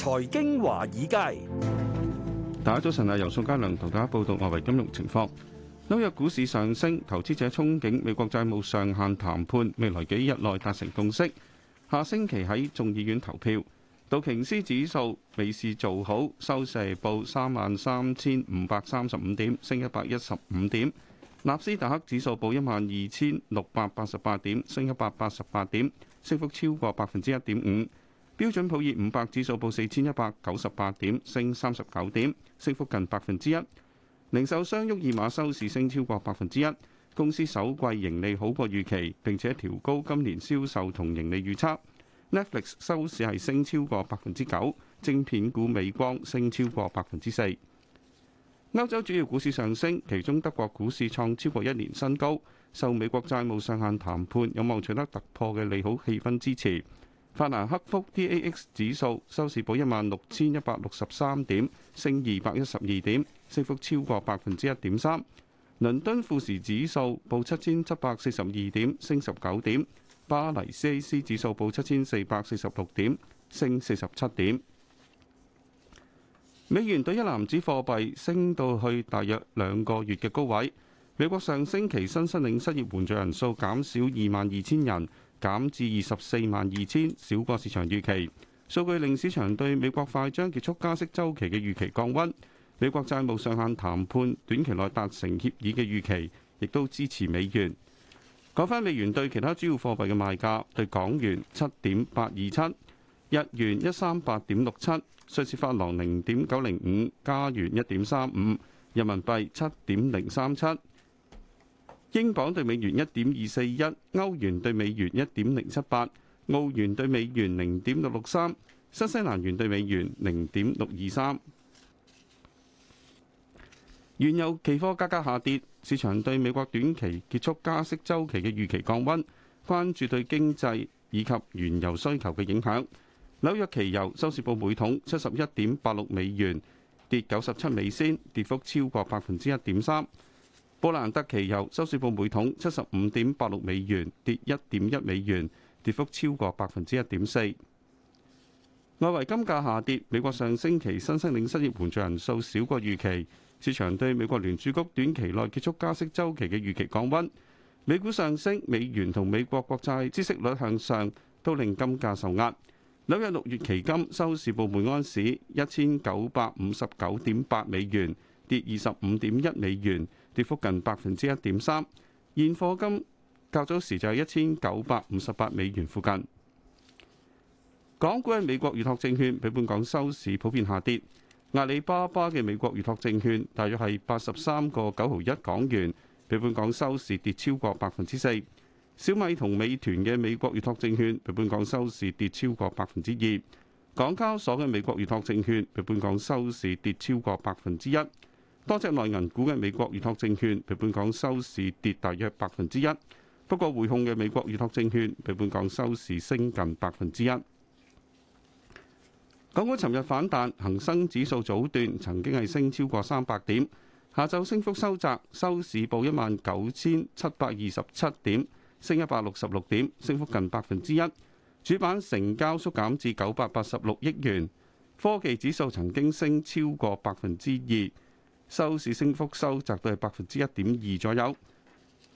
財經華爾街，大家早晨啊！由宋家良同大家報道外圍金融情況。紐約股市上升，投資者憧憬美國債務上限談判未來幾日內達成共識，下星期喺眾議院投票。道瓊斯指數美市做好，收市報三萬三千五百三十五點，升一百一十五點。納斯達克指數報一萬二千六百八十八點，升一百八十八點，升幅超過百分之一點五。標準普爾五百指數報四千一百九十八點，升三十九點，升幅近百分之一。零售商沃爾瑪收市升超過百分之一，公司首季盈利好過預期，並且調高今年銷售同盈利預測。Netflix 收市係升超過百分之九，晶片股美光升超過百分之四。歐洲主要股市上升，其中德國股市創超過一年新高，受美國債務上限談判有望取得突破嘅利好氣氛支持。法蘭克福 DAX 指數收市報一萬六千一百六十三點，升二百一十二點，升幅超過百分之一點三。倫敦富時指數報七千七百四十二點，升十九點。巴黎 CAC 指數報七千四百四十六點，升四十七點。美元對一籃子貨幣升到去大約兩個月嘅高位。美國上星期新申領失業援助人數減少二萬二千人，減至二十四萬二千，少過市場預期。數據令市場對美國快將結束加息週期嘅預期降溫。美國債務上限談判短期內達成協議嘅預期，亦都支持美元。講翻美元對其他主要貨幣嘅賣價：對港元七點八二七，日元一三八點六七，瑞士法郎零點九零五，加元一點三五，人民幣七點零三七。英鎊兌美元一點二四一，歐元兌美元一點零七八，澳元兌美元零點六六三，新西蘭元兌美元零點六二三。原油期貨價格下跌，市場對美國短期結束加息周期嘅預期降温，關注對經濟以及原油需求嘅影響。紐約期油收市報每桶七十一點八六美元，跌九十七美仙，跌幅超過百分之一點三。布蘭特期油收市報每桶七十五點八六美元，跌一點一美元，跌幅超過百分之一點四。外圍金價下跌，美國上星期新申請失業援助人數少過預期，市場對美國聯儲局短期內結束加息週期嘅預期降溫。美股上升，美元同美國國債孳息率向上，都令金價受壓。紐約六月期金收市報每安士一千九百五十九點八美元，跌二十五點一美元。跌幅近百分之一點三，現貨金較早時就係一千九百五十八美元附近。港股嘅美國預託證券比本港收市普遍下跌，阿里巴巴嘅美國預託證券大約係八十三個九毫一港元，比本港收市跌超過百分之四。小米同美團嘅美國預託證券比本港收市跌超過百分之二，港交所嘅美國預託證券比本港收市跌超過百分之一。多隻內銀股嘅美國預託證券，喺本港收市跌大約百分之一。不過，匯控嘅美國預託證券喺本港收市升近百分之一。港股尋日反彈，恒生指數早段曾經係升超過三百點，下晝升幅收窄，收市報一萬九千七百二十七點，升一百六十六點，升幅近百分之一。主板成交縮減至九百八十六億元。科技指數曾經升超過百分之二。收市升幅收窄到係百分之一點二左右。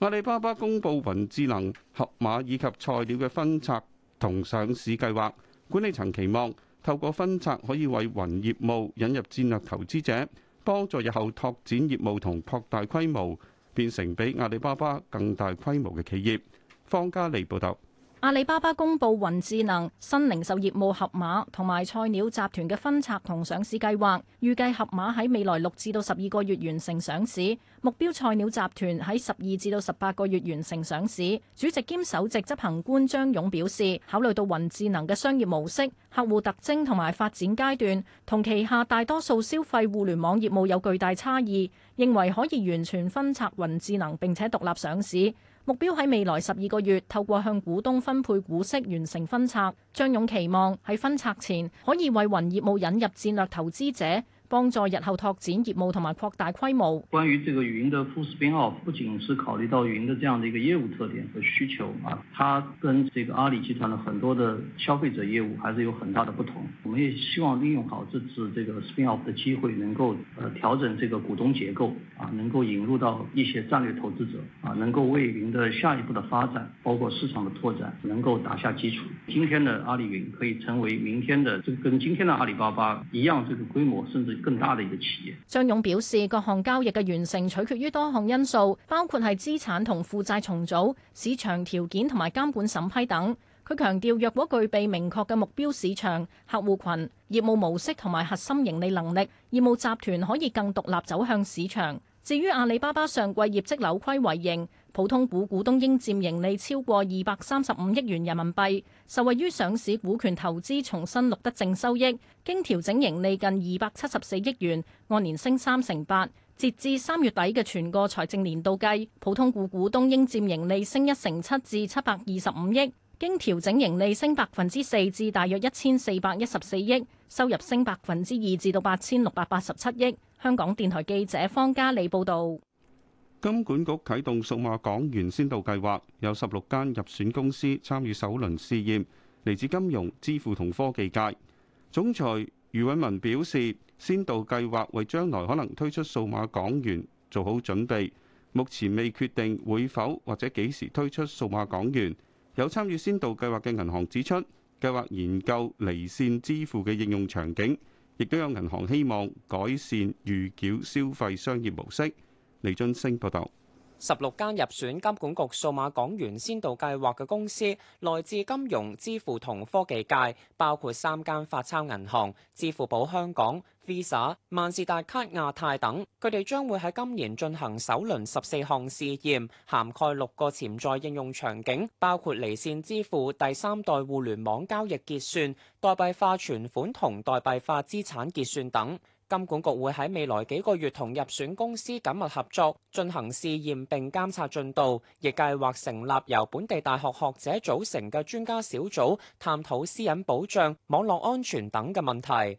阿里巴巴公布雲智能、盒馬以及菜鳥嘅分拆同上市計劃，管理層期望透過分拆可以為雲業務引入戰略投資者，幫助日後拓展業務同擴大規模，變成比阿里巴巴更大規模嘅企業。方嘉利報道。阿里巴巴公布雲智能、新零售業務盒馬同埋菜鳥集團嘅分拆同上市計劃，預計盒馬喺未來六至到十二個月完成上市，目標菜鳥集團喺十二至到十八個月完成上市。主席兼首席執行官張勇表示，考慮到雲智能嘅商業模式、客戶特徵同埋發展階段，同旗下大多數消費互聯網業務有巨大差異，認為可以完全分拆雲智能，並且獨立上市。目標喺未來十二個月，透過向股東分配股息完成分拆。張勇期望喺分拆前可以為雲業務引入戰略投資者。幫助日後拓展業務，同埋擴大規模。關於這個雲的 Full Spin Off，不僅是考慮到雲的這樣的一個業務特點和需求啊，它跟這個阿里集團的很多的消費者業務還是有很大的不同。我們也希望利用好這次這個 Spin Off 的機會，能夠呃調整這個股東結構，啊，能夠引入到一些戰略投資者啊，能夠為雲的下一步的發展，包括市場的拓展，能夠打下基礎。今天的阿里雲可以成為明天的，這個跟今天的阿里巴巴一樣，這個規模甚至更大嘅企業。張勇表示，各項交易嘅完成取決於多項因素，包括係資產同負債重組、市場條件同埋監管審批等。佢強調，若果具備明確嘅目標市場、客戶群、業務模式同埋核心盈利能力，業務集團可以更獨立走向市場。至於阿里巴巴上季業績扭虧為盈。普通股股東應占盈利超過二百三十五億元人民幣，受惠於上市股權投資重新錄得正收益，經調整盈利近二百七十四億元，按年升三成八。截至三月底嘅全個財政年度計，普通股股東應占盈利升一成七至七百二十五億，經調整盈利升百分之四至大約一千四百一十四億，收入升百分之二至到八千六百八十七億。香港電台記者方嘉莉報道。金管局啟動數碼港元先導計劃，有十六間入選公司參與首輪試驗，嚟自金融、支付同科技界。總裁余偉文表示，先導計劃為將來可能推出數碼港元做好準備。目前未決定會否或者幾時推出數碼港元。有參與先導計劃嘅銀行指出，計劃研究離線支付嘅應用場景，亦都有銀行希望改善預繳消費商業模式。李津升報道：十六間入選金管局數碼港元先導計劃嘅公司，來自金融、支付同科技界，包括三間發鈔銀行、支付寶香港、Visa、萬事達卡亞太等。佢哋將會喺今年進行首輪十四項試驗，涵蓋六個潛在應用場景，包括離線支付、第三代互聯網交易結算、代幣化存款同代幣化資產結算等。監管局會喺未來幾個月同入選公司緊密合作，進行試驗並監察進度，亦計劃成立由本地大學學者組成嘅專家小組，探討私隱保障、網絡安全等嘅問題。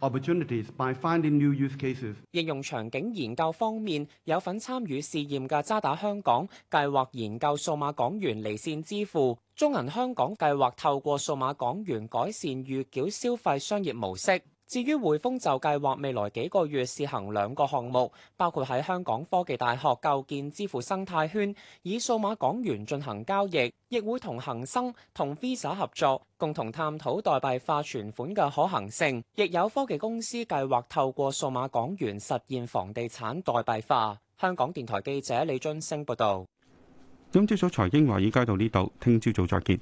Opportunities by finding new use cases. 應用場景研究方面，有份參與試驗嘅渣打香港計劃研究數碼港元離線支付；中銀香港計劃透過數碼港元改善預繳消費商業模式。至於匯豐就計劃未來幾個月試行兩個項目，包括喺香港科技大學構建支付生態圈，以數碼港元進行交易；亦會同恒生同 Visa 合作，共同探討代幣化存款嘅可行性。亦有科技公司計劃透過數碼港元實現房地產代幣化。香港電台記者李俊升報道。今朝早財經華爾街到呢度，聽朝早再見。